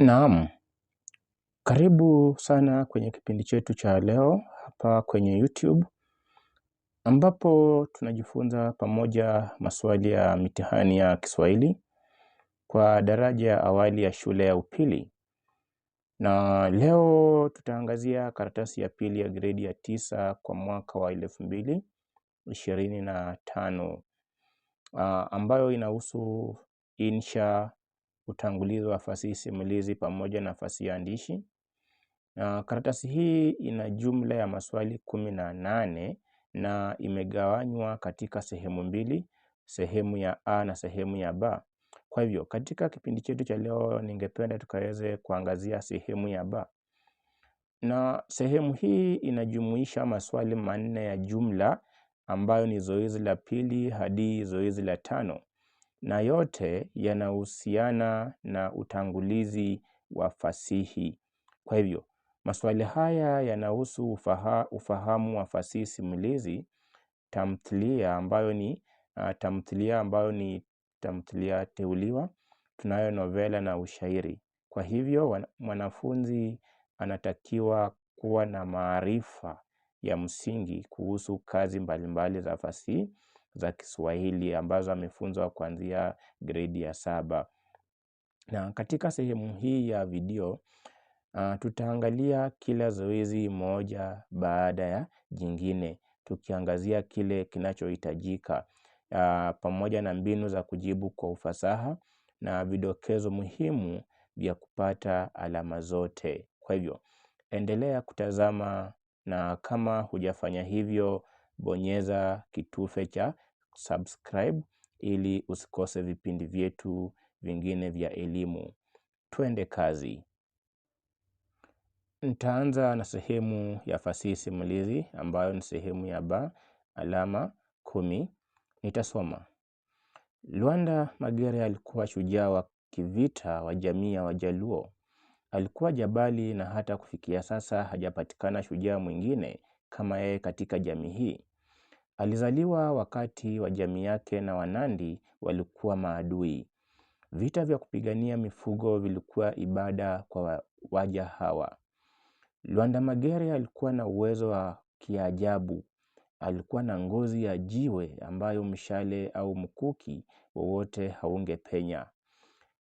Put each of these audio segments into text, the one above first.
Naam, karibu sana kwenye kipindi chetu cha leo hapa kwenye YouTube ambapo tunajifunza pamoja maswali ya mitihani ya Kiswahili kwa daraja ya awali ya shule ya upili. Na leo tutaangazia karatasi ya pili ya gredi ya tisa kwa mwaka wa elfu mbili ishirini na tano ah, ambayo inahusu insha utangulizi wa fasihi simulizi pamoja na fasihi andishi. Na karatasi hii ina jumla ya maswali kumi na nane na imegawanywa katika sehemu mbili, sehemu ya A na sehemu ya B. Kwa hivyo katika kipindi chetu cha leo, ningependa tukaweze kuangazia sehemu ya B, na sehemu hii inajumuisha maswali manne ya jumla ambayo ni zoezi la pili hadi zoezi la tano na yote yanahusiana na utangulizi wa fasihi. Kwa hivyo, maswali haya yanahusu ufaha, ufahamu wa fasihi simulizi, tamthilia ambayo ni ah, tamthilia ambayo ni tamthilia teuliwa, tunayo novela na ushairi. Kwa hivyo, mwanafunzi anatakiwa kuwa na maarifa ya msingi kuhusu kazi mbalimbali za fasihi za kiswahili ambazo amefunzwa kuanzia gredi ya saba. Na katika sehemu hii ya video uh, tutaangalia kila zoezi moja baada ya jingine tukiangazia kile kinachohitajika uh, pamoja na mbinu za kujibu kwa ufasaha na vidokezo muhimu vya kupata alama zote. Kwa hivyo endelea kutazama na kama hujafanya hivyo bonyeza kitufe cha subscribe ili usikose vipindi vyetu vingine vya elimu. Twende kazi. Nitaanza na sehemu ya fasihi simulizi ambayo ni sehemu ya ba alama kumi. Nitasoma. Lwanda Magere alikuwa shujaa wa kivita wa jamii ya Wajaluo. Alikuwa jabali na hata kufikia sasa hajapatikana shujaa mwingine kama yeye katika jamii hii. Alizaliwa wakati wa jamii yake na Wanandi walikuwa maadui. Vita vya kupigania mifugo vilikuwa ibada kwa waja hawa. Lwanda Magere alikuwa na uwezo wa kiajabu. Alikuwa na ngozi ya jiwe ambayo mshale au mkuki wowote haungepenya.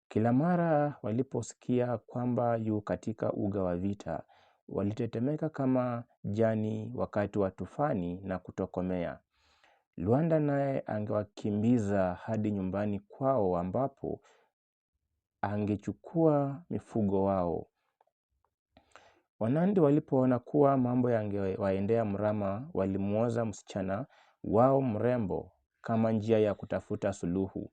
Kila mara waliposikia kwamba yu katika uga wa vita, walitetemeka kama jani wakati wa tufani na kutokomea. Luanda naye angewakimbiza hadi nyumbani kwao ambapo angechukua mifugo wao. Wanandi walipoona kuwa mambo yangewaendea mrama walimwoza msichana wao mrembo kama njia ya kutafuta suluhu.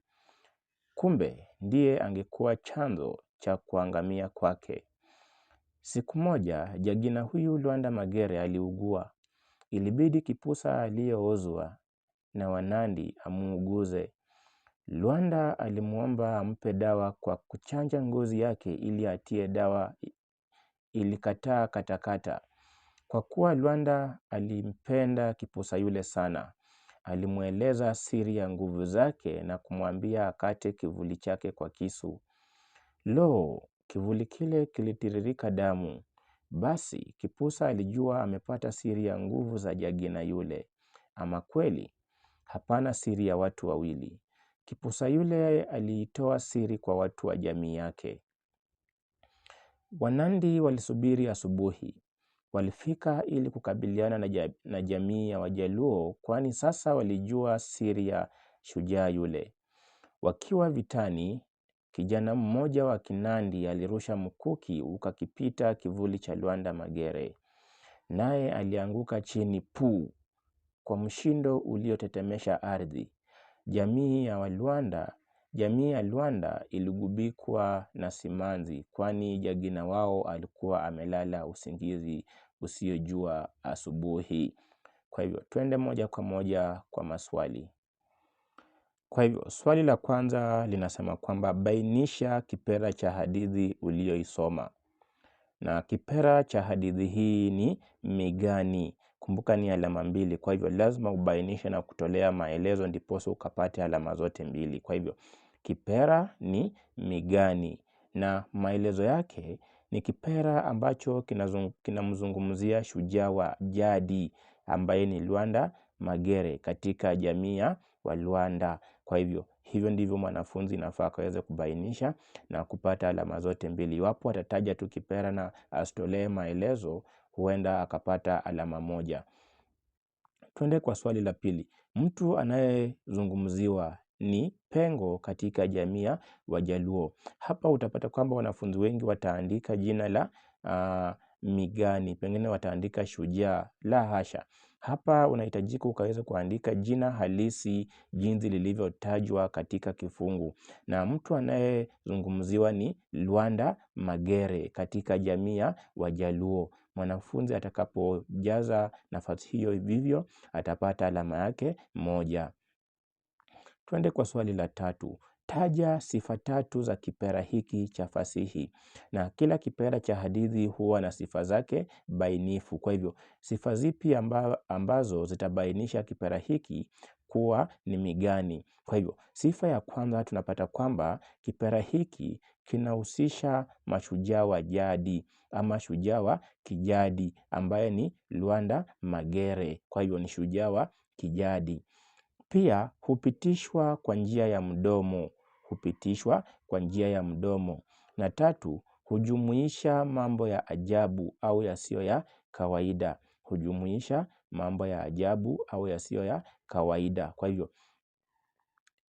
Kumbe ndiye angekuwa chanzo cha kuangamia kwake. Siku moja jagina huyu Luanda Magere aliugua. Ilibidi kipusa aliyoozwa na Wanandi amuuguze. Luanda alimuomba ampe dawa kwa kuchanja ngozi yake ili atie dawa ilikataa katakata. Kwa kuwa Luanda alimpenda kiposa yule sana, alimweleza siri ya nguvu zake na kumwambia akate kivuli chake kwa kisu. Lo, kivuli kile kilitiririka damu. Basi kipusa alijua amepata siri ya nguvu za jagina yule. Ama kweli hapana siri ya watu wawili. Kipusa yule aliitoa siri kwa watu wa jamii yake. Wanandi walisubiri asubuhi. Walifika ili kukabiliana na jamii ya Wajaluo kwani sasa walijua siri ya shujaa yule. Wakiwa vitani, kijana mmoja wa Kinandi alirusha mkuki ukakipita kivuli cha Lwanda Magere. Naye alianguka chini puu kwa mshindo uliotetemesha ardhi. Jamii ya Walwanda, jamii ya lwanda iligubikwa na simanzi kwani jagina wao alikuwa amelala usingizi usiojua asubuhi. Kwa hivyo twende moja kwa moja kwa maswali. Kwa hivyo swali la kwanza linasema kwamba bainisha kipera cha hadithi uliyoisoma. Na kipera cha hadithi hii ni migani Kumbuka ni alama mbili kwa hivyo lazima ubainishe na kutolea maelezo ndiposa ukapate alama zote mbili. Kwa hivyo kipera ni migani na maelezo yake ni kipera ambacho kinamzungumzia shujaa wa jadi ambaye ni Lwanda Magere katika jamii ya walwanda Kwa hivyo hivyo ndivyo mwanafunzi inafaa akaweze kubainisha na kupata alama zote mbili. Iwapo atataja tu kipera na asitolee maelezo huenda akapata alama moja. Tuende kwa swali la pili. Mtu anayezungumziwa ni pengo katika jamii ya Wajaluo. Hapa utapata kwamba wanafunzi wengi wataandika jina la uh, Migani, pengine wataandika Shujaa. La hasha, hapa unahitajika ukaweza kuandika jina halisi jinsi lilivyotajwa katika kifungu. Na mtu anayezungumziwa ni Lwanda Magere katika jamii ya Wajaluo. Mwanafunzi atakapojaza nafasi hiyo vivyo atapata alama yake moja. Twende kwa swali la tatu. Taja sifa tatu za kipera hiki cha fasihi. Na kila kipera cha hadithi huwa na sifa zake bainifu. Kwa hivyo, sifa zipi ambazo zitabainisha kipera hiki kuwa ni migani. Kwa hivyo, sifa ya kwanza tunapata kwamba kipera hiki kinahusisha mashujaa wa jadi ama shujaa wa kijadi ambaye ni Lwanda Magere. Kwa hivyo ni shujaa wa kijadi. Pia hupitishwa kwa njia ya mdomo. Hupitishwa kwa njia ya mdomo. Na tatu, hujumuisha mambo ya ajabu au yasiyo ya kawaida. Hujumuisha mambo ya ajabu au yasiyo ya kawaida. Kwa hivyo,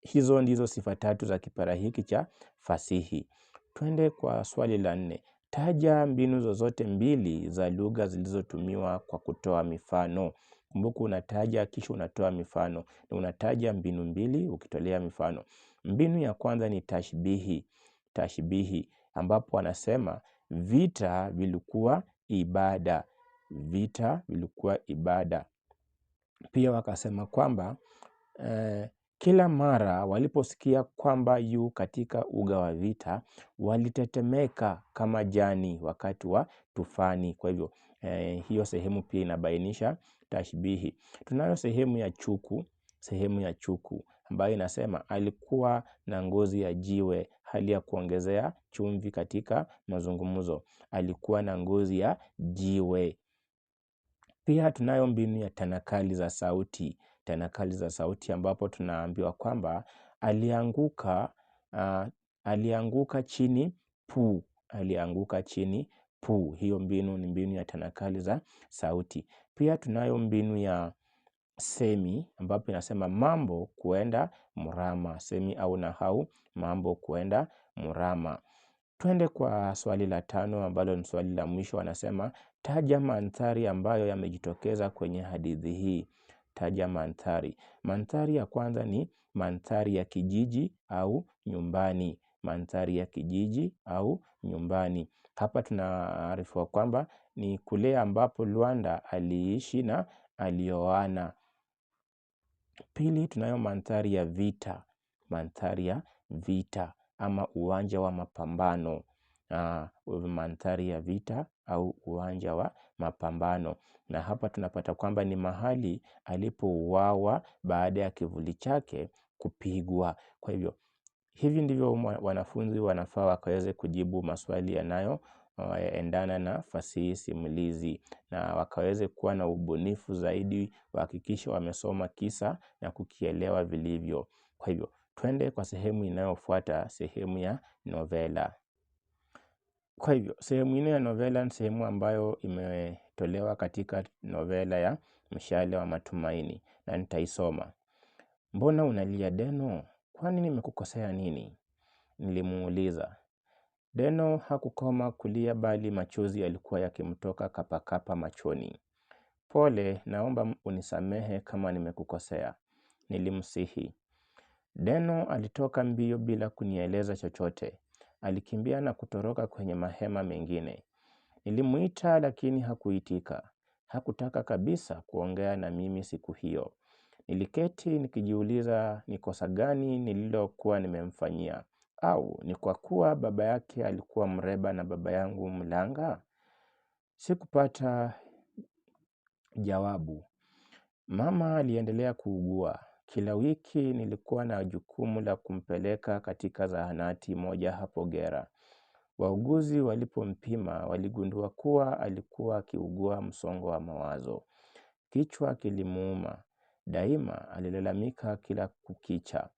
hizo ndizo sifa tatu za kipara hiki cha fasihi. Twende kwa swali la nne. Taja mbinu zozote mbili za lugha zilizotumiwa kwa kutoa mifano. Kumbuka unataja kisha unatoa mifano. Na unataja mbinu mbili ukitolea mifano. Mbinu ya kwanza ni tashbihi. Tashbihi ambapo wanasema vita vilikuwa ibada vita vilikuwa ibada. Pia wakasema kwamba eh, kila mara waliposikia kwamba yu katika uga wa vita walitetemeka kama jani wakati wa tufani. Kwa hivyo eh, hiyo sehemu pia inabainisha tashbihi. Tunayo sehemu ya chuku, sehemu ya chuku ambayo inasema alikuwa na ngozi ya jiwe, hali ya kuongezea chumvi katika mazungumzo. Alikuwa na ngozi ya jiwe pia tunayo mbinu ya tanakali za sauti. Tanakali za sauti ambapo tunaambiwa kwamba alianguka chini pu, Alianguka chini pu. Hiyo mbinu ni mbinu ya tanakali za sauti. Pia tunayo mbinu ya semi ambapo inasema mambo kuenda murama. Semi au nahau mambo kuenda murama. Twende kwa swali la tano ambalo ni swali la mwisho wanasema Taja mandhari ambayo yamejitokeza kwenye hadithi hii. Taja mandhari. Mandhari ya kwanza ni mandhari ya kijiji au nyumbani. Mandhari ya kijiji au nyumbani. Hapa tunaarifiwa kwamba ni kule ambapo Luanda aliishi na alioana. Pili tunayo mandhari ya vita. Mandhari ya vita ama uwanja wa mapambano. Uh, mandhari ya vita au uwanja wa mapambano. Na hapa tunapata kwamba ni mahali alipouawa baada ya kivuli chake kupigwa. Kwa hivyo, hivi ndivyo wanafunzi wanafaa wakaweze kujibu maswali yanayo uh, endana na fasihi simulizi na wakaweze kuwa na ubunifu zaidi wahakikishe wamesoma kisa na kukielewa vilivyo. Kwa hivyo, twende kwa sehemu inayofuata sehemu ya novela. Kwa hivyo, sehemu ine ya novela ni sehemu ambayo imetolewa katika novela ya mshale wa matumaini na nitaisoma. Mbona unalia Deno? Kwani nimekukosea nini? Nilimuuliza. Deno hakukoma kulia bali machozi yalikuwa yakimtoka kapakapa machoni. Pole, naomba unisamehe kama nimekukosea. Nilimsihi. Deno alitoka mbio bila kunieleza chochote. Alikimbia na kutoroka kwenye mahema mengine. Nilimuita lakini hakuitika. Hakutaka kabisa kuongea na mimi siku hiyo. Niliketi nikijiuliza ni kosa gani nililokuwa nimemfanyia au ni kwa kuwa baba yake alikuwa mreba na baba yangu mlanga? Sikupata jawabu. Mama aliendelea kuugua. Kila wiki nilikuwa na jukumu la kumpeleka katika zahanati moja hapo gera. Wauguzi walipompima waligundua kuwa alikuwa akiugua msongo wa mawazo. Kichwa kilimuuma. Daima alilalamika kila kukicha.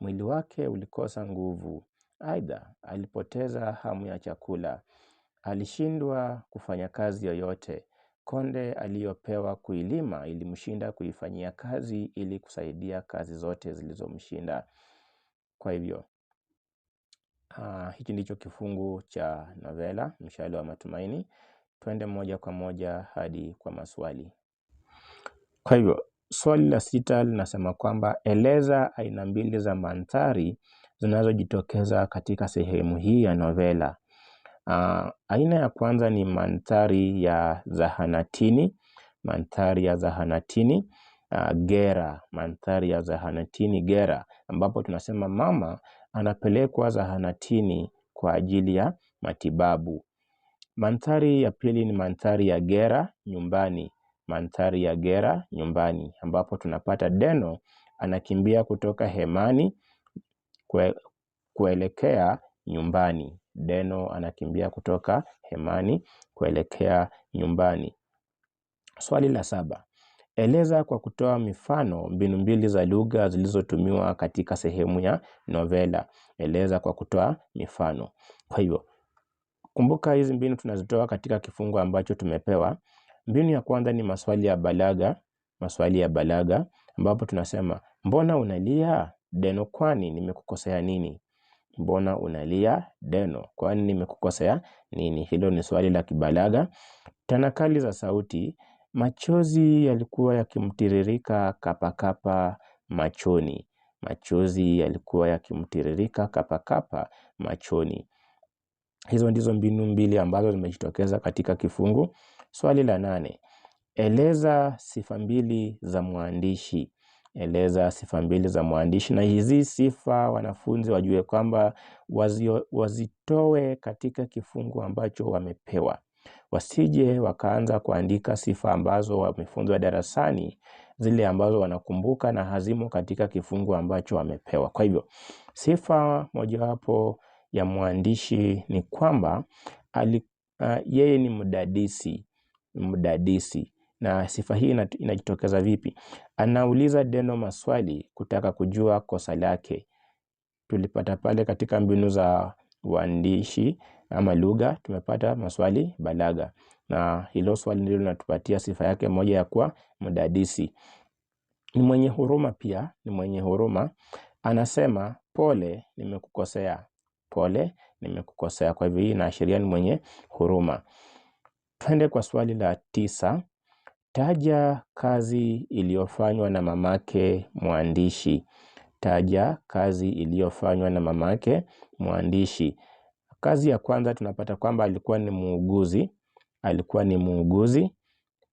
Mwili wake ulikosa nguvu. Aidha alipoteza hamu ya chakula. Alishindwa kufanya kazi yoyote. Konde aliyopewa kuilima ilimshinda kuifanyia kazi ili kusaidia kazi zote zilizomshinda. Kwa hivyo, ah, hiki ndicho kifungu cha novela Mshale wa Matumaini. Twende moja kwa moja hadi kwa maswali. Kwa hivyo, swali la sita linasema kwamba eleza aina mbili za mandhari zinazojitokeza katika sehemu hii ya novela. Uh, aina ya kwanza ni mandhari ya zahanatini, mandhari ya zahanatini uh, gera, mandhari ya zahanatini gera, ambapo tunasema mama anapelekwa zahanatini kwa ajili ya matibabu. Mandhari ya pili ni mandhari ya gera nyumbani, mandhari ya gera nyumbani, ambapo tunapata Deno anakimbia kutoka hemani kwe, kuelekea nyumbani. Deno anakimbia kutoka hemani kuelekea nyumbani. Swali la saba. Eleza kwa kutoa mifano mbinu mbili za lugha zilizotumiwa katika sehemu ya novela. Eleza kwa kutoa mifano. Kwa hivyo, kumbuka hizi mbinu tunazitoa katika kifungu ambacho tumepewa. Mbinu ya kwanza ni maswali ya balagha, maswali ya balagha ambapo tunasema, mbona unalia? Deno kwani nimekukosea nini? mbona unalia deno? Kwani nimekukosea nini? Hilo ni swali la kibalaga. Tanakali za sauti, machozi yalikuwa yakimtiririka kapakapa machoni. Machozi yalikuwa yakimtiririka kapakapa machoni. Hizo ndizo mbinu mbili ambazo zimejitokeza katika kifungu. Swali la nane, eleza sifa mbili za mwandishi eleza sifa mbili za mwandishi, na hizi sifa wanafunzi wajue kwamba wazio, wazitoe katika kifungu ambacho wamepewa, wasije wakaanza kuandika sifa ambazo wamefunzwa darasani, zile ambazo wanakumbuka na hazimo katika kifungu ambacho wamepewa. Kwa hivyo sifa mojawapo ya mwandishi ni kwamba ali, uh, yeye ni mdadisi mdadisi na sifa hii inajitokeza vipi? Anauliza Deno maswali kutaka kujua kosa lake. Tulipata pale katika mbinu za uandishi ama lugha, tumepata maswali balaga na hilo swali ndilo linatupatia sifa yake moja ya kuwa mdadisi. Ni mwenye huruma pia, ni mwenye huruma. Anasema pole, nimekukosea. Pole, nimekukosea. Kwa hivyo hii inaashiria ni mwenye huruma. Twende kwa swali la tisa. Taja kazi iliyofanywa na mamake mwandishi. Taja kazi iliyofanywa na mamake mwandishi. Kazi ya kwanza tunapata kwamba alikuwa ni muuguzi. Alikuwa ni muuguzi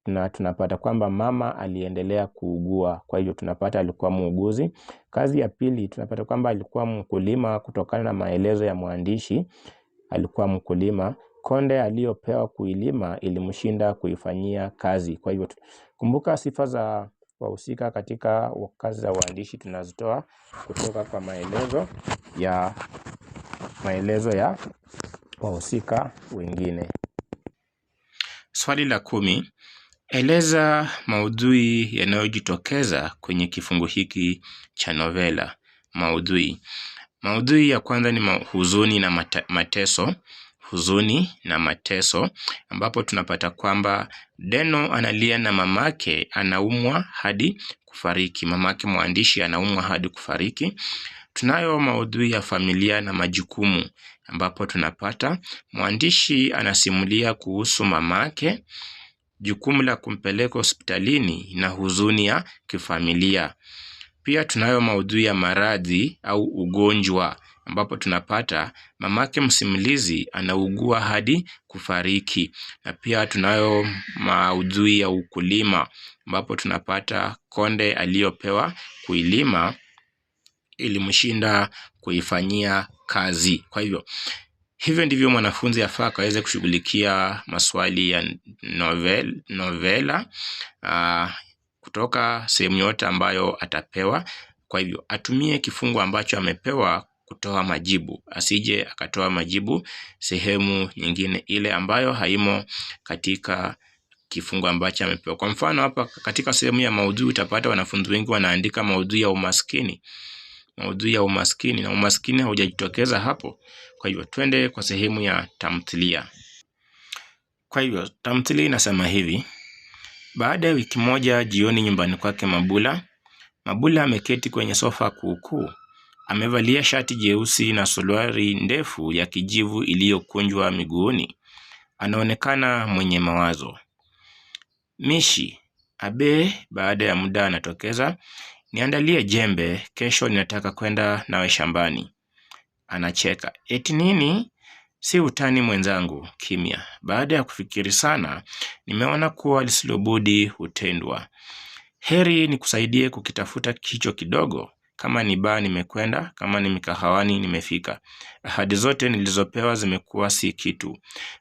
na tunapata kwamba mama aliendelea kuugua Kwa hivyo tunapata alikuwa muuguzi kazi ya pili tunapata kwamba alikuwa mkulima kutokana na maelezo ya mwandishi Alikuwa mkulima Konde aliyopewa kuilima ilimshinda kuifanyia kazi. Kwa hivyo kumbuka sifa za wahusika katika kazi za uandishi tunazitoa kutoka kwa maelezo ya maelezo ya wahusika wengine. Swali la kumi, eleza maudhui yanayojitokeza kwenye kifungu hiki cha novela. Maudhui. Maudhui ya kwanza ni huzuni na mateso huzuni na mateso, ambapo tunapata kwamba Deno analia na mamake anaumwa hadi kufariki. Mamake mwandishi anaumwa hadi kufariki. Tunayo maudhui ya familia na majukumu, ambapo tunapata mwandishi anasimulia kuhusu mamake, jukumu la kumpeleka hospitalini na huzuni ya kifamilia. Pia tunayo maudhui ya maradhi au ugonjwa ambapo tunapata mamake msimulizi anaugua hadi kufariki, na pia tunayo maudhui ya ukulima ambapo tunapata konde aliyopewa kuilima ilimshinda kuifanyia kazi. Kwa hivyo hivyo ndivyo mwanafunzi afaa akaweze kushughulikia maswali ya novel, novela uh, kutoka sehemu yote ambayo atapewa. Kwa hivyo atumie kifungu ambacho amepewa kutoa majibu, asije akatoa majibu sehemu nyingine ile ambayo haimo katika kifungu ambacho amepewa. Kwa mfano, hapa katika sehemu ya maudhui utapata wanafunzi wengi wanaandika maudhui ya umaskini, maudhui ya umaskini, na umaskini haujajitokeza hapo. Kwa hivyo twende kwa sehemu ya tamthilia. Kwa hivyo tamthilia inasema hivi: baada ya wiki moja, jioni nyumbani kwake Mabula, Mabula ameketi kwenye sofa kuukuu. Amevalia shati jeusi na suruali ndefu ya kijivu iliyokunjwa miguuni. Anaonekana mwenye mawazo. Mishi Abe baada ya muda anatokeza, niandalie jembe, kesho ninataka kwenda nawe shambani. Anacheka, eti nini? Si utani mwenzangu. Kimya. Baada ya kufikiri sana, nimeona kuwa lisilobudi hutendwa. Heri nikusaidie kukitafuta kicho kidogo. Kama ni baa nimekwenda, kama ni mikahawani nimefika. Ahadi zote nilizopewa zimekuwa si kitu.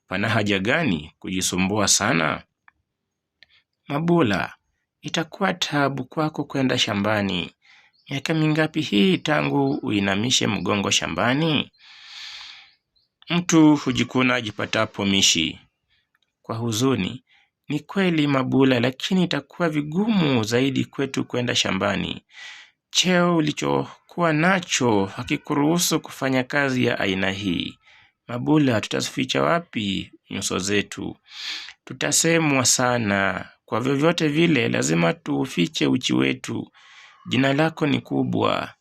Pana haja gani kujisumbua sana? Mabula, itakuwa tabu kwako kwenda shambani. Miaka mingapi hii tangu uinamishe mgongo shambani? Mtu hujikuna ajipatapo mishi. Kwa huzuni, ni kweli Mabula, lakini itakuwa vigumu zaidi kwetu kwenda shambani. Cheo ulichokuwa nacho hakikuruhusu kufanya kazi ya aina hii. Mabula, tutazificha wapi nyuso zetu? Tutasemwa sana. Kwa vyovyote vile, lazima tuufiche uchi wetu. Jina lako ni kubwa.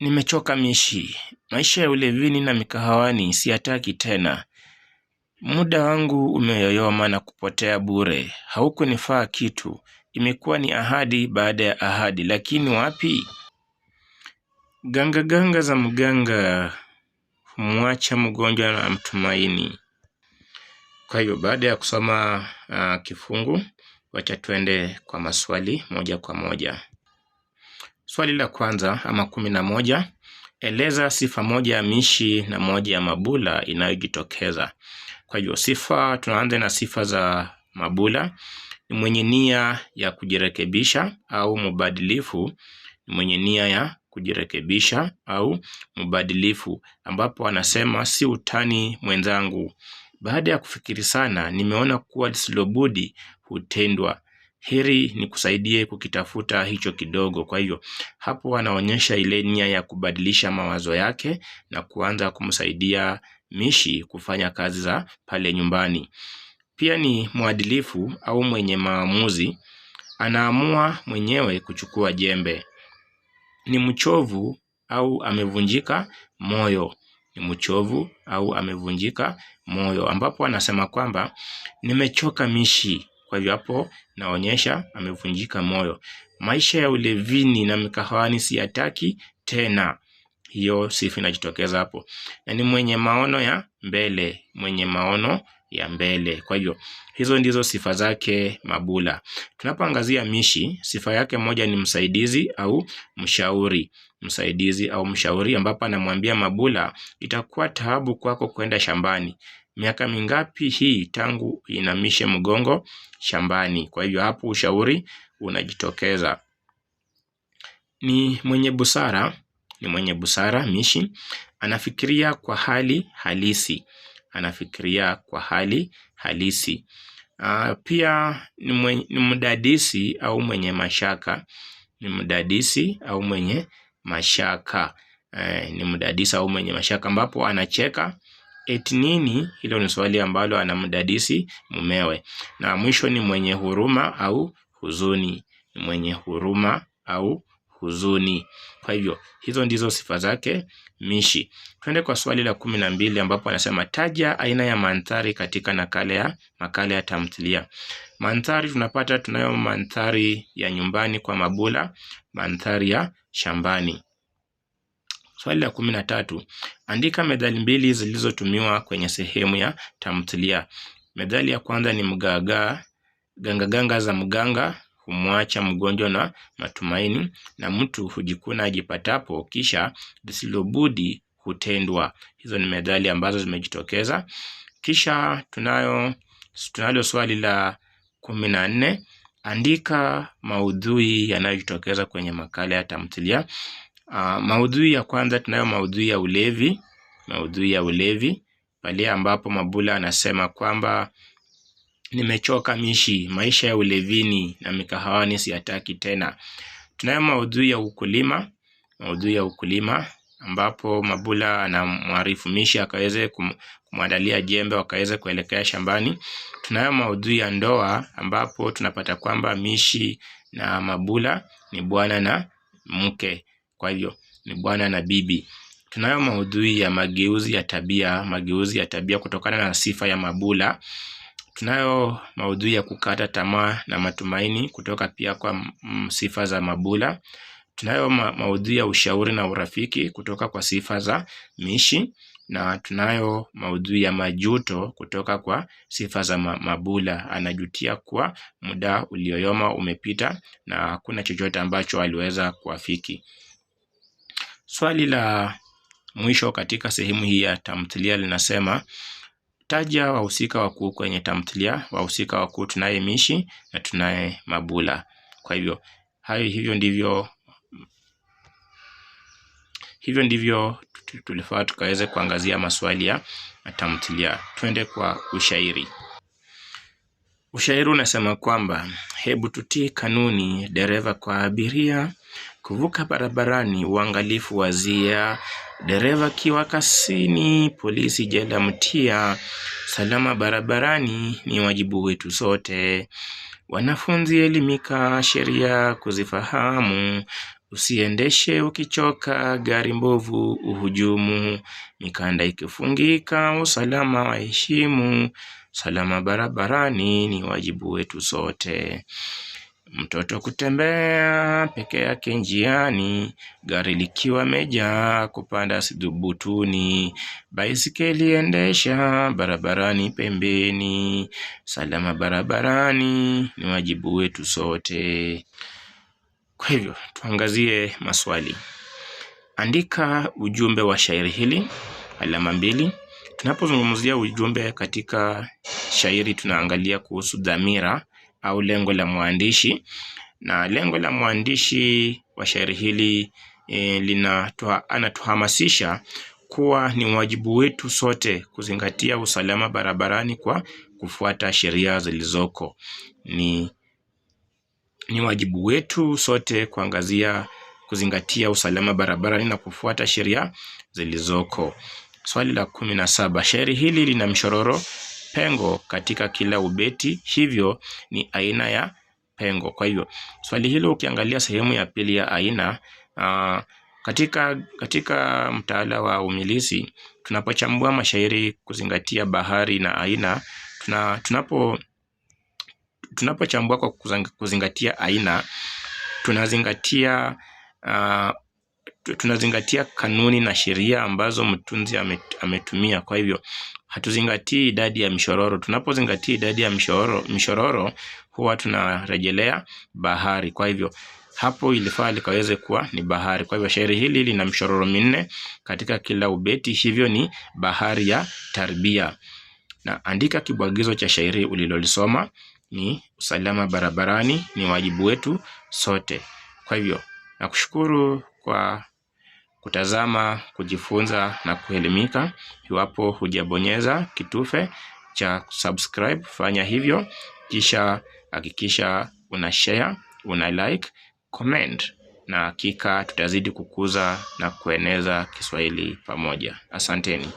Nimechoka Mishi, maisha ya ulevini na mikahawani siyataki tena. Muda wangu umeyoyoma na kupotea bure, haukunifaa kitu imekuwa ni ahadi baada ya ahadi, lakini wapi? Gangaganga ganga za mganga humwacha mgonjwa na mtumaini. Kwa hiyo baada ya kusoma uh, kifungu, wacha tuende kwa maswali moja kwa moja. Swali la kwanza ama kumi na moja, eleza sifa moja ya mishi na moja ya mabula inayojitokeza. Kwa hiyo sifa, tunaanza na sifa za mabula ni mwenye nia ya kujirekebisha au mubadilifu, ni mwenye nia ya kujirekebisha au mubadilifu, ambapo anasema si utani mwenzangu, baada ya kufikiri sana nimeona kuwa lisilobudi hutendwa heri ni kusaidie kukitafuta hicho kidogo. Kwa hivyo hapo anaonyesha ile nia ya kubadilisha mawazo yake na kuanza kumsaidia Mishi kufanya kazi za pale nyumbani. Pia ni mwadilifu au mwenye maamuzi, anaamua mwenyewe kuchukua jembe. Ni mchovu au amevunjika moyo. Ni mchovu au amevunjika moyo, ambapo anasema kwamba nimechoka mishi. Kwa hivyo hapo naonyesha amevunjika moyo. Maisha ya ulevini na mikahawani siyataki tena. Hiyo sifa inajitokeza hapo, na ni mwenye maono ya mbele, mwenye maono ya mbele. Kwa hiyo hizo ndizo sifa zake Mabula. Tunapoangazia Mishi, sifa yake moja ni msaidizi au mshauri msaidizi au mshauri, ambapo anamwambia Mabula, itakuwa taabu kwako kwenda shambani. Miaka mingapi hii tangu inamishe mgongo shambani? Kwa hivyo hapo ushauri unajitokeza. Ni mwenye busara, ni mwenye busara Mishi, anafikiria kwa hali halisi anafikiria kwa hali halisi. Uh, pia ni, mwenye, ni mdadisi au mwenye mashaka. Ni mdadisi au mwenye mashaka eh, ni mdadisi au mwenye mashaka ambapo anacheka eti nini. Hilo ni swali ambalo anamdadisi mumewe. Na mwisho ni mwenye huruma au huzuni. Ni mwenye huruma au huzuni. Kwa hivyo hizo ndizo sifa zake mishi. Tuende kwa swali la kumi na mbili ambapo anasema taja aina ya mandhari katika nakala ya makala ya tamthilia. Mandhari tunapata, tunayo mandhari ya nyumbani kwa Mabula, mandhari ya shambani. Swali la kumi na tatu andika methali mbili zilizotumiwa kwenye sehemu ya tamthilia. Methali ya kwanza ni mgaagaa, gangaganga za mganga humwacha mgonjwa na matumaini, na mtu hujikuna ajipatapo, kisha lisilobudi hutendwa. Hizo ni methali ambazo zimejitokeza. Kisha tunayo tunalo swali la kumi na nne. Andika maudhui yanayojitokeza kwenye makala ya tamthilia. Uh, maudhui ya kwanza tunayo maudhui ya ulevi, maudhui ya ulevi pale ambapo Mabula anasema kwamba Nimechoka mishi, maisha ya ulevini na mikahawani siyataki tena. Tunayo maudhui ya ukulima, maudhui ya ukulima ambapo Mabula mwarifu Mishi akaweze kumwandalia jembe wakaweze kuelekea shambani. Tunayo maudhui ya ndoa ambapo tunapata kwamba Mishi na Mabula ni bwana na mke, kwa hivyo ni bwana na bibi. Tunayo maudhui ya mageuzi ya tabia, mageuzi ya tabia kutokana na sifa ya Mabula Tunayo maudhui ya kukata tamaa na matumaini kutoka pia kwa sifa za Mabula. Tunayo ma maudhui ya ushauri na urafiki kutoka kwa sifa za Mishi, na tunayo maudhui ya majuto kutoka kwa sifa za ma Mabula. Anajutia kwa muda ulioyoma umepita na hakuna chochote ambacho aliweza kuafiki. Swali la mwisho katika sehemu hii ya tamthilia linasema Taja wahusika wakuu kwenye tamthilia, wahusika wakuu tunaye Mishi na tunaye Mabula. Kwa hivyo hayo, hivyo ndivyo hivyo ndivyo tulifaa tukaweze kuangazia maswali ya tamthilia. Twende kwa ushairi. Ushairi unasema kwamba hebu tutii kanuni, dereva kwa abiria, kuvuka barabarani, uangalifu wazia, Dereva akiwa kasini, polisi jela mtia, salama barabarani ni wajibu wetu sote. Wanafunzi elimika, sheria kuzifahamu. Usiendeshe ukichoka, gari mbovu uhujumu. Mikanda ikifungika, usalama waheshimu. Salama barabarani ni wajibu wetu sote. Mtoto kutembea peke yake njiani, gari likiwa meja kupanda sidhubutuni, baisikeli endesha barabarani pembeni. Salama barabarani ni wajibu wetu sote. Kwa hivyo tuangazie maswali. Andika ujumbe wa shairi hili, alama mbili. Tunapozungumzia ujumbe katika shairi, tunaangalia kuhusu dhamira au lengo la mwandishi, na lengo la mwandishi wa shairi hili e, linatoa anatuhamasisha kuwa ni wajibu wetu sote kuzingatia usalama barabarani kwa kufuata sheria zilizoko. Ni, ni wajibu wetu sote kuangazia kuzingatia usalama barabarani na kufuata sheria zilizoko. Swali la kumi na saba, shairi hili lina mshororo pengo katika kila ubeti, hivyo ni aina ya pengo. Kwa hivyo swali hilo ukiangalia sehemu ya pili ya aina uh, katika, katika mtaala wa umilisi tunapochambua mashairi kuzingatia bahari na aina tuna, tunapo tunapochambua kwa kuzingatia aina tunazingatia uh, tunazingatia kanuni na sheria ambazo mtunzi ametumia. Kwa hivyo hatuzingatii idadi ya mshororo. Tunapozingatia idadi ya mshororo, mshororo huwa tunarejelea bahari. Kwa hivyo hapo ilifaa likaweze kuwa ni bahari. Kwa hivyo shairi hili lina mshororo minne katika kila ubeti, hivyo ni bahari ya tarbia. Na andika kibwagizo cha shairi ulilolisoma. Ni usalama barabarani ni wajibu wetu sote. Kwa hivyo nakushukuru kwa kutazama, kujifunza na kuelimika. Iwapo hujabonyeza kitufe cha subscribe, fanya hivyo, kisha hakikisha una share, una like, comment na hakika tutazidi kukuza na kueneza Kiswahili pamoja. Asanteni.